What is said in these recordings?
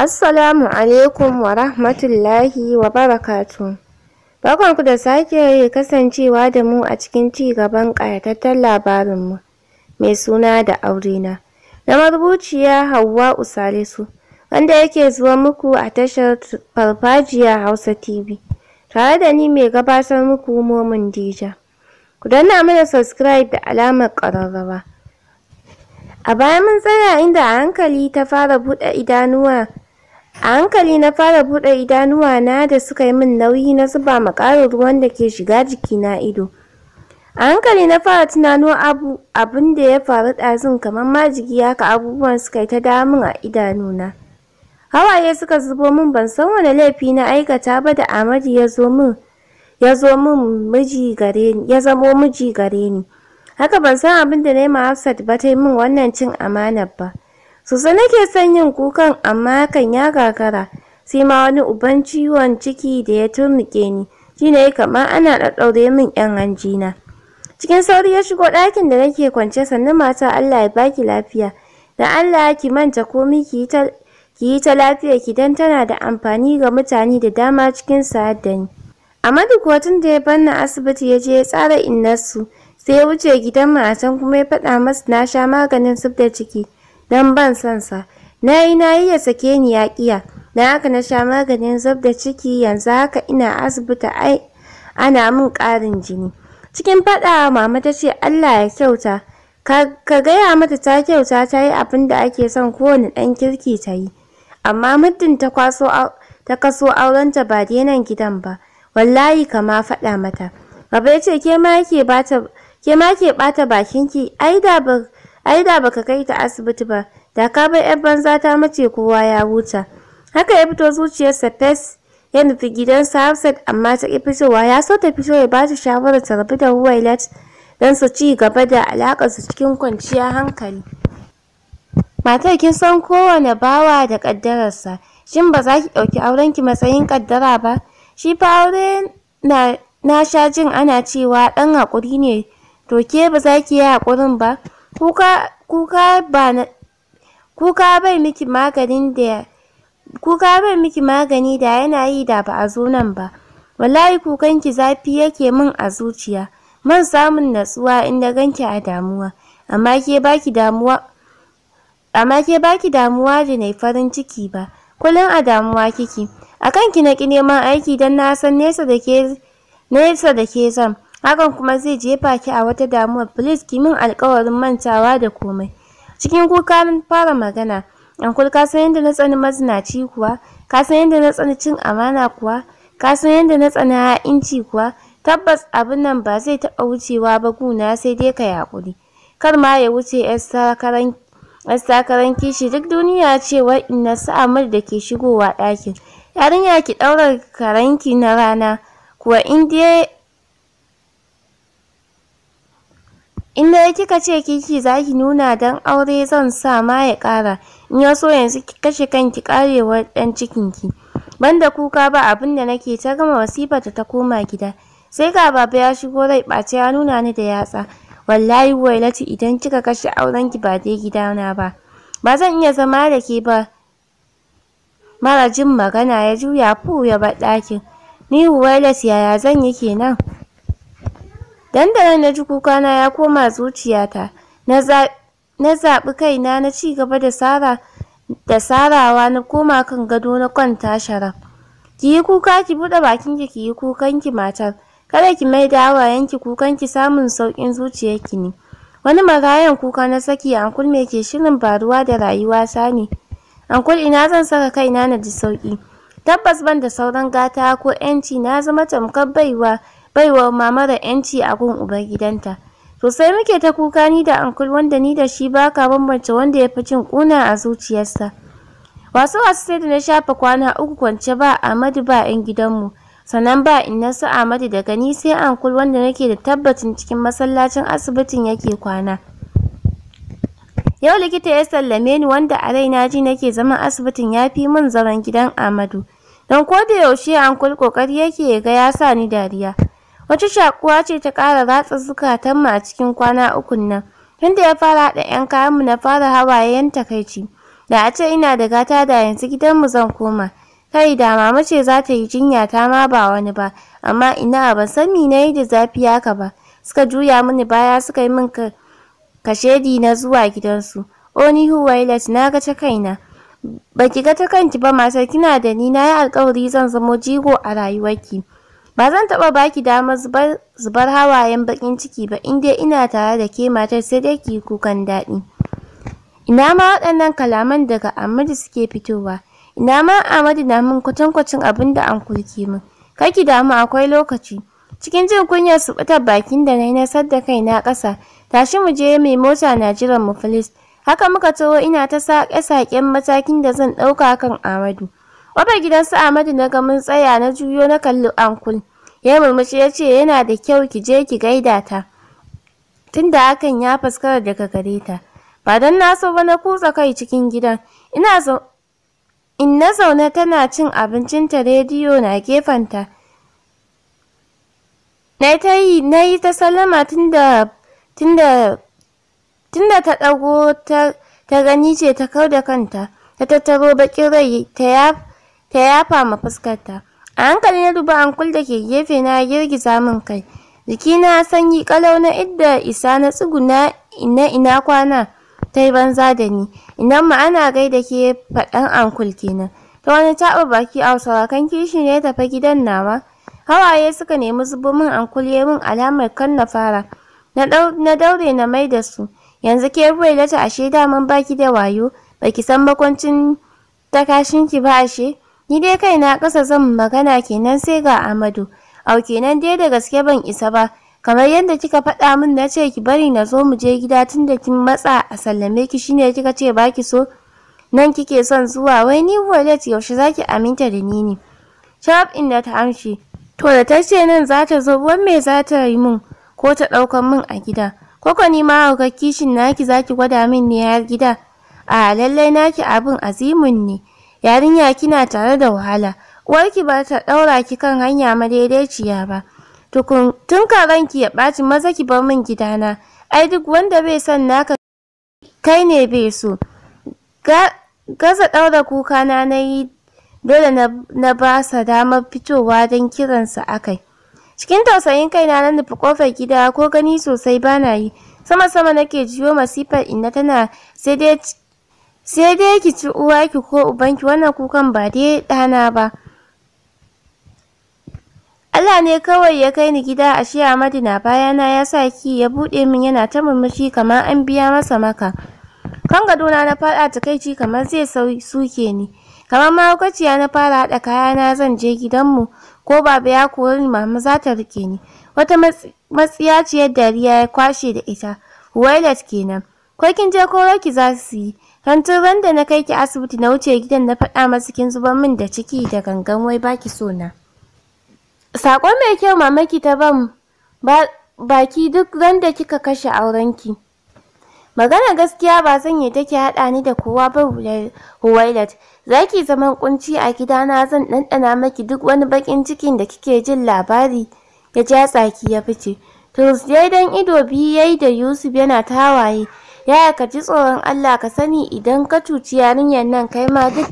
Assalamu alaikum wa rahmatullahi wa barakatu. Barkanku da sake kasancewa da mu a cikin ci gaban ƙayataccen labarinmu mai suna da aurena. Na marubuciya Hauwa Usalisu, wanda yake zuwa muku a tashar Farfajiya Hausa TV, tare da ni mai gabatar muku Momin Dija. Ku danna mana subscribe da alamar ƙararrawa. A baya mun tsaya inda a hankali ta fara buɗe idanuwa A hankali na fara buɗe na da suka yi min nauyi na zuba ma ruwan da ke shiga jikina ido. A hankali na fara tunano abu da ya faru ɗazun kamar majigi haka abubuwan suka yi ta damun a idanuna. Hawaye suka zubo min ban san wani laifi na aikata ba da Amadu ya zo min ya zo min miji gare ni ya zamo miji gare ni. Haka ban san abin da na yi ma Hafsat ba ta yi min wannan cin amanar ba. Sosai nake son yin kukan amma hakan ya gagara. Sai ma wani uban ciwon ciki da ya turnuke ni. Shi ne kamar ana ɗaɗɗaure min ‘yan hanjina. Cikin sauri ya shigo ɗakin da nake kwance sannan mata Allah ya baki lafiya. Da Allah ki manta komi ki yi ta lafiya ki dan tana da amfani ga mutane da dama cikin sa'ad da ni. Amadu kuwa tun da ya banna asibiti ya je ya tsara innarsu sai ya wuce gidan matan kuma ya faɗa masu na sha maganin zub da ciki. don ban son sa na yi na yi ya sake ni ya kiya na haka na sha maganin zub da ciki yanzu haka ina asibiti ai ana min ƙarin jini cikin faɗa mama ta ce Allah ya kyauta ka gaya mata ta kyauta ta yi abin da ake son kowane ɗan kirki ta yi amma muddin ta kwaso ta kaso aurenta ba nan gidan ba wallahi kama faɗa mata Baba ya ce ke ma ke bata ke ma ke bata bakinki ai da ba ai da baka kai ta asibiti ba da ka bar yar banza ta mace kowa ya huta haka ya fito zuciyarsa fes ya nufi gidansa hafsat amma ta ƙi fitowa ya so ta fito ya ba ta shawarar ta rabu da huwailat don su ci gaba da su cikin kwanciyar hankali matar kin san kowane bawa da ƙaddararsa shin ba za ki ɗauki aurenki matsayin ƙaddara ba shi fa aure na na sha jin ana cewa ɗan haƙuri ne to ke ba za ki yi haƙurin ba kuka bai miki magani da yana yi da ba a zo nan ba wallahi kukanki zafi yake min a zuciya man samun natsuwa in ganki a damuwa amma ke baki damuwa damuwa da nai farin ciki ba kullum a damuwa kiki. akan ki na ki neman aiki dan na san nesa da nesa da ke zan hakan kuma zai jefa ki a wata damuwa please ki min alƙawarin mantawa da komai cikin kuka mun fara magana kul ka san yadda na tsani mazinaci kuwa ka san yadda na tsani cin amana kuwa ka san yadda na tsani ha'inci kuwa tabbas abin nan ba zai taɓa wucewa ba guna sai dai ka yaƙuri kar ma ya wuce 'yar sakaran sakaran kishi duk duniya cewar inna sa'amar da ke shigowa ɗakin yarinya ki ɗaura karanki na rana kuwa in In dai kika ce kiki za ki nuna don aure zan sa ma ya ƙara, in ya so yanzu ki kashe kanki ƙarewar ɗan cikinki. Banda kuka ba abin da nake ta gama wasifa ta koma gida. Sai ga baba ya shigo rai ɓace ya nuna ni da yatsa. Wallahi wailati idan kika kashe aurenki ba dai gidana ba. Ba zan iya zama da ke ba. Mara jin magana ya juya fu ya bar ɗakin. Ni wailati yaya zan yi kenan? Dandanan na ji kukana ya koma zuciyata. Na zaɓi kaina na ci gaba da sara da sarawa na koma kan gado na kwanta sharaf. Ki yi kuka ki buɗe bakinki ki yi kukanki matar. Kada ki mai da hawayenki kukanki samun saukin zuciyarki ne. Wani marayan kuka na saki ankul me ke shirin baruwa da rayuwata ne. Ankul ina zan saka kaina na ji sauki. Tabbas ban da sauran gata ko ‘yanci na zama tamkar baiwa baiwa mama da ‘yanci a gun ubangidanta. gidanta. Sosai muke ta kuka ni da ankul wanda ni da shi ba ka bambance wanda ya fi cin ƙuna a zuciyarsa. Wasu wasu sai da na shafa kwana uku kwance ba Amadu ba ‘yan gidanmu. Sannan ba inna su Amadu daga ni sai ankul wanda nake da tabbacin cikin masallacin asibitin yake kwana. Yau likita ya sallame ni wanda a raina ji nake zama asibitin ya fi min zaman gidan Amadu, Don ko da yaushe ankul kokari yake ya ga ya sa ni dariya. Wata shakuwa ce ta kara ratsa zukatan mu a cikin kwana ukun nan. Tunda ya fara haɗa 'yan kayan mu na fara hawayen takaici. Da a ce ina da gata da yanzu gidan mu zan koma. Kai da mama ce za ta yi jinya ta ma ba wani ba, amma ina ban san na yi da zafi haka ba. Suka juya mini baya suka yi min kashedi na zuwa gidansu. Oni Huwailat na ga ta kaina. Baki ga ta kanki ba matar kina da ni na yi alkawari zan zamo jigo a rayuwarki. Ba zan taɓa baki damar zubar, hawayen baƙin ciki ba in dai ina tare da ke matar sai dai ki kukan daɗi. Ina ma waɗannan kalaman daga Amadu suke fitowa. Ina ma Amadu na min kwatankwacin abin da an kulke min. Kaki damu akwai lokaci. Cikin jin kunyar su ɓatar bakin da na yi da kai na ƙasa. Tashi mu je mai mota na jiran mu filis. Haka muka taho ina ta saƙe-saƙen matakin da zan ɗauka kan Amadu. Wabar gidan su Amadu na ga mun tsaya na juyo na kalli ankul. ya murmushi ya ce yana da kyau ki je ki gaida ta tunda hakan ya fuskara daga gare ta ba don na so ba na kutsa kai cikin gidan ina in na zaune tana cin abincinta rediyo na gefenta na ta yi na yi ta salama tunda tunda ta ɗago ta gani ce ta kau da kanta ta tattaro bakin rai ta yafa ma fuskarta a hankali na duba ankul da ke gefe na girgiza min kai jikina sanyi kalau na idda isa na tsuguna ina ina kwana ta yi banza da ni ina ma ana gaida ke faɗan ankul kenan ta wani taɓa baki a sarakan kishi ne tafi gidan nawa hawaye suka nemi zubo min ankul ya min alamar kan na fara na daure na mai da su yanzu ke ruwailata ashe daman baki da wayo baki san makwancin takashinki ba ashe Ni dai kaina ƙasa zan magana kenan sai ga Amadu. Au kenan dai da gaske ban isa ba. Kamar yadda kika faɗa min na ce ki bari na zo mu je gida tunda da kin matsa a sallame ki shine kika ce ba ki so. Nan kike son zuwa wai ni wallet yaushe za ki aminta da ni ne. in da ta amshi. To da ta ce nan za ta zo wan me za ta yi min ko ta ɗaukan min a gida. Koko ni ma kishin naki za ki gwada min ne har gida. A lallai naki abin azimun ne. yarinya kina tare da wahala uwarki ba ta ɗaura ki kan hanya madaidaiciya ba tukun tun ka ranki ya ɓaci maza ki bar min gidana ai duk wanda bai san naka kai ne bai so gaza ɗaura kuka na nayi dole na ba sa damar fitowa don kiransa akai cikin tausayin kai na nan nufi kofar gida ko gani sosai bana yi sama sama nake jiyo masifar inna tana sai dai sai dai ki ci uwaki ko ubanki wannan kukan ba dai ɗana ba Allah ne kawai ya kai ni gida ashe Ahmadu madina, bayana ya sa ki ya buɗe min yana ta murmushi kamar an biya masa maka kan gadona na faɗa takaici kamar zai suke ni kamar mahaukaciya na fara haɗa kayana zan je gidanmu ko baba ya kori ni mama za ta rike ni wata matsiyaciyar dariya ya kwashe da ita Wailat kenan ko kin je ko ki za su yi Rantu da na kai ki asibiti na wuce gidan na faɗa masa kin zuban min da ciki da gangan wai baki so na. Sako mai kyau mamaki ta ban baki duk randa kika kashe aurenki. Magana gaskiya ba zan yi take haɗa ni da kowa ba Huwailat. Za ki zaman kunci a gidana zan ɗanɗana maki duk wani baƙin cikin da kike jin labari. Ya ja tsaki ya fice. Tuls dai dan ido biyu yayi da Yusuf yana tawaye. yaya ka ji tsoron Allah ka sani idan ka cuci yarinyar nan kai ma duk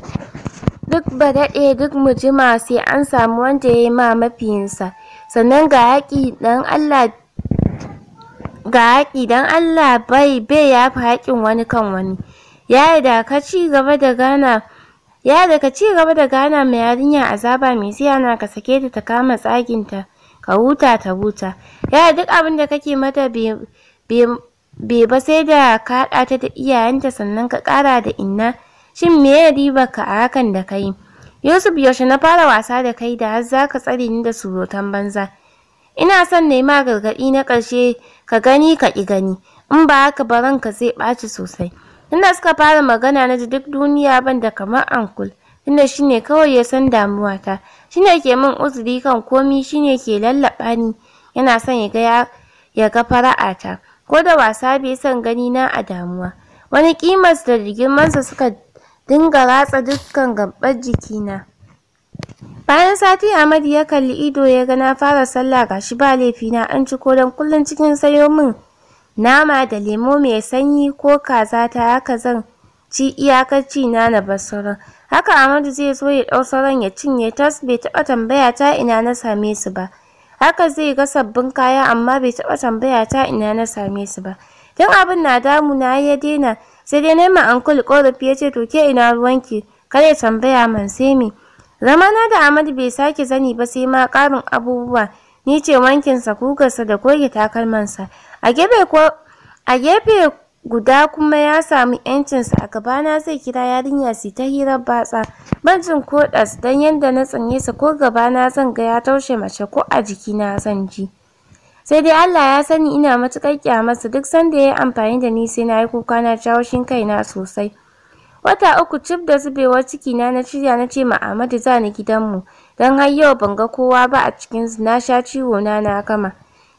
duk ba daɗe duk mujima sai an samu wanda ya yi ma mafiyinsa sannan ga haƙi dan Allah ga haƙi dan Allah bai bai yafi haƙin wani kan wani yaya da ka ci gaba da gana ya da ka ci gaba da gana mai yarinya azaba mai siya na ka sake ta ta kama tsaginta ka huta ta huta ya duk abin da kake mata bai ba sai da ka haɗa ta da iyayenta sannan ka ƙara da inna. Shin me ya riba ka a hakan da ka yi? Yusuf yaushe na fara wasa da kai da har za ka tsare ni da surutan banza. Ina son na yi ma gargaɗi na ƙarshe ka gani ka ƙi gani. In ba haka ba ranka zai ɓaci sosai. Tunda suka fara magana na ji duk duniya ban da kamar ankul. Tunda shi ne kawai ya san damuwata. Shi ne ke min uzuri kan komi shi ne ke lallaɓa ni. Yana son ya ga ya ga ko da wasa bai son gani na a damuwa wani kimas da rigimansa suka dinga ratsa dukkan gabbar jikina bayan sati Amadu ya kalli ido ya ga na fara sallah ga shi ba laifi na an ci ko dan kullun cikin sayo min nama da lemo mai sanyi ko kaza ta haka zan ci iyakar na na basura haka Amadu zai zo ya dau sauran ya cinye tas bai taɓa tambaya ta ina na same su ba haka zai ga sabbin kaya amma bai taɓa tambaya ta ina na same su ba tun abin na damu na ya daina sai dai nema ankul korafi ya ce to ke ina ruwanki kar ya tambaya man sai me zamana da Ahmad bai sake zani ba sai ma ƙarin abubuwa ni ce wankinsa kugarsa da goge takalmansa a gefe ko a gefe guda kuma ya samu yancinsa a gabana zai kira yarinya su ta hirar batsa Majin koɗas don yadda na tsinye sa ko gaba na zan ga ya taushe mace ko a jikina zan ji. Sai dai Allah ya sani ina matuƙar ƙyamarsa duk sanda ya yi amfani da ni sai na yi kuka na jawo shin kaina sosai. Wata uku cif da zubewar cikina na shirya na ce Ahmadu za ni gidanmu don har yau ban ga kowa ba a cikin na sha ciwo na na kama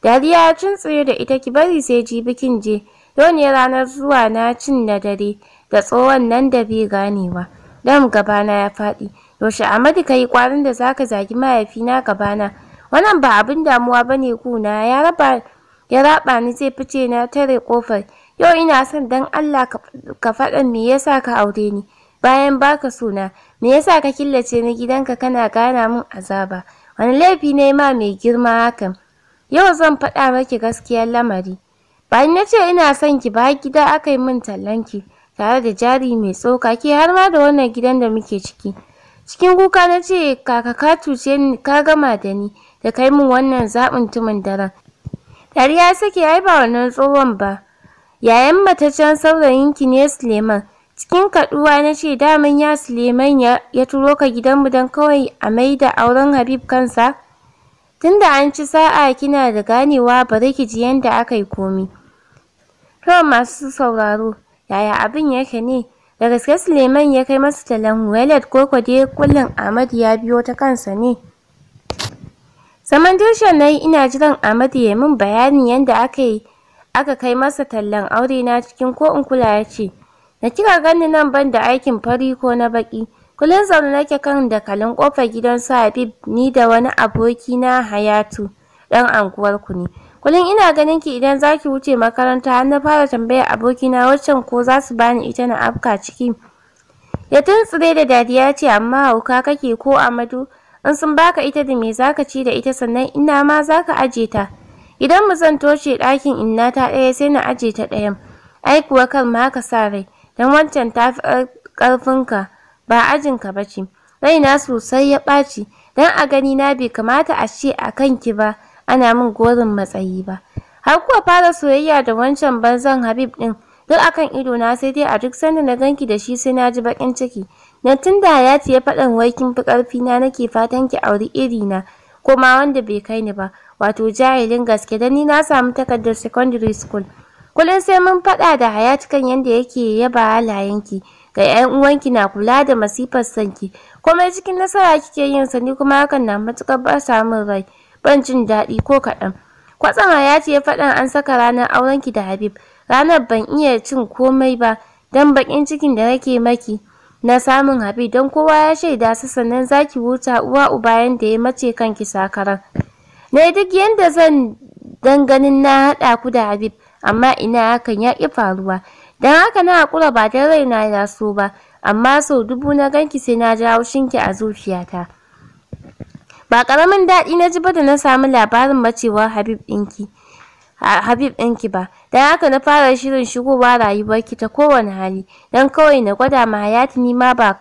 Dariya ya tsuntsaye da ita ki bari sai ji bikin je, yau ne ranar zuwa na cin na dare da tsohon nan da bai ganewa. dam gabana ya faɗi yaushe Amadu ka yi ƙwarin da zaka zagi mahaifina gabana wannan ba abin damuwa ba ne, kuna ya raba ya raba ni zai fice na tare ƙofar yau ina son dan Allah ka faɗa me yasa ka aure ni bayan baka suna me yasa ka killace ni gidanka kana gana min azaba wani laifi ne ma mai girma hakan yau zan faɗa maki gaskiyar lamari Bayan na nace ina son ki ba gida aka yi min tallanki tare da jari mai tsoka ke har ma da wannan gidan da muke ciki cikin kuka na ce kaka ka cuce ni ka gama da ni da kai min wannan zaɓin tumin daren ya sake ai ba wannan tsohon ba yayan mataccen saurayinki ne suleiman cikin kaɗuwa na ce daman ya suleiman ya, turo ka gidanmu don kawai a maida auren habib kansa tunda an ci sa'a kina da ganewa bari ki ji yanda aka yi komi to masu sauraro Yaya abin yake ne? Da gaske Suleiman ya kai masa talan walet ko ko dai kullum Ahmad ya biyo ta kansa ne? Zaman nayi na yi ina jiran Ahmad ya min bayani yadda aka yi aka kai masa tallan aure na cikin ko in kula ya ce, Na kira gani nan ban da aikin fari ko na baƙi. kullun zaune nake kan dakalin kofar gidan su Habib ni da wani aboki na Hayatu ɗan anguwarku ne. kullum ina ganin ki idan za ki wuce makaranta har na fara tambayar abokina waccan ko za su bani ita na afka ciki ya tuntsire da dadiya ce amma hauka kake ko amadu in sun baka ita da me zaka ci da ita sannan ina ma zaka aje ta idan mu zan toshe ɗakin inna ta ɗaya sai na aje ta ɗayan ai kuwa kan ma ka sa rai dan wancan ta fi ƙarfinka ba ajinka ba ce raina sosai ya ɓaci dan a gani na bai kamata a ce a kanki ba ana min gorin matsayi ba har kuwa fara soyayya da wancan banzan habib din duk akan ido na sai dai a duk sanda na ganki da shi sai na ji bakin ciki na tun da hayati ya faɗan wai kin fi ƙarfi na nake fatan ki auri iri na kuma wanda bai kai ni ba wato jahilin gaske dan ni na samu takardar secondary school kullum sai mun faɗa da Hayat kan yanda yake yaba halayenki ga ƴan uwanki na kula da masifar sanki komai cikin nasara kike yin Sani kuma hakan na matukar ba samun rai ban jin daɗi ko kaɗan. Kwatsama ya ce faɗan an saka ranar aurenki da Habib. Ranar ban iya cin komai ba don baƙin cikin da nake maki na samun Habib don kowa ya shaida su sannan za ki huta uwa uba yadda ya mace kanki sakaran. Na duk yadda zan dan ganin na haɗa ku da Habib amma ina hakan ya ƙi faruwa. Don haka na haƙura ba don raina ya so ba amma sau dubu na ganki sai na jawo shinki a zuciyata. Ba karamin daɗi na ji ba da na samu labarin bacewar Habib ɗinki. Habib ɗinki ba, dan haka na fara shirin shigowa rayuwarki ta kowane hali, dan kawai na gwada ma Hayati ni ma ba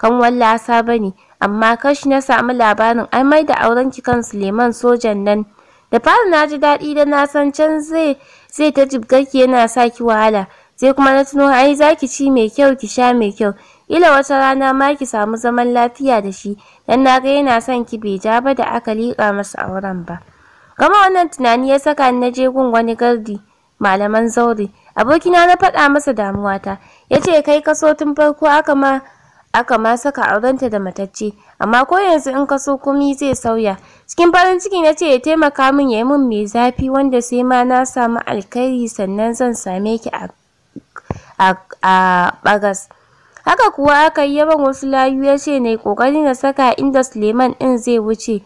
kan wallasa ba ne, amma kashi na samu labarin an mai da aurenki kan Suleiman sojan nan. Da fara na ji daɗi da na san can zai zai ta jibgarki yana sa ki wahala, sai kuma na tuno ai za ki ci mai kyau ki sha mai kyau, Kila wata rana ma ki samu zaman lafiya da shi, dan na ga yana son ki bai ja ba da aka liƙa masa auren ba. Gama wannan tunani ya saka ni na je gun wani gardi, malaman zaure. Abokina na faɗa masa damuwata, ya ce kai kaso tun farko aka ma aka ma saka aurenta da matacce, amma ko yanzu in kaso komi zai sauya. Cikin farin ciki na ce ya taimaka min ya yi min mai zafi wanda sai ma na samu alkhairi sannan zan same ki a a bagas. haka kuwa aka yi yaban wasu layu ya ce na yi ƙoƙari na saka inda suleiman ɗin zai wuce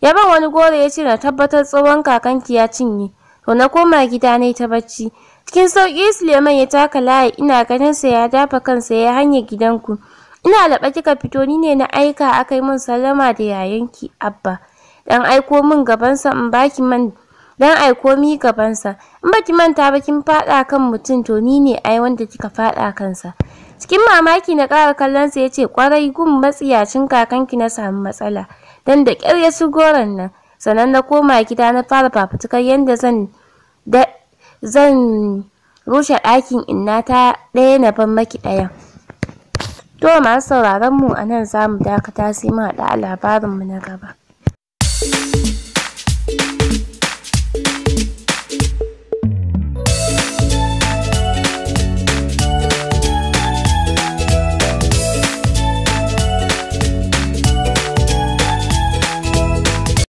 yaban wani goro ya ce na tabbatar tsohon kakanki ya cinye to na koma gida ne ta bacci cikin sauƙi suleiman ya taka layi ina ganin sa ya dafa kansa ya hanyar gidanku ina laɓa kika fito ni ne na aika aka yi min sallama da yayanki abba dan aiko min gabansa in baki man don ai komi gabansa in baki manta ba kin faɗa kan mutum to ni ne ai wanda kika faɗa kansa cikin mamaki na ƙara kallonsa ya ce ƙwarai gun matsiyacin kakanki na samu matsala don da ƙyar ya ci goron nan sannan na koma gida na fara fafutukar yadda zan zan rushe ɗakin inna ta ɗaya na ban maki ɗaya to masu sauraron mu a nan za mu dakata sai mu haɗu a mu na gaba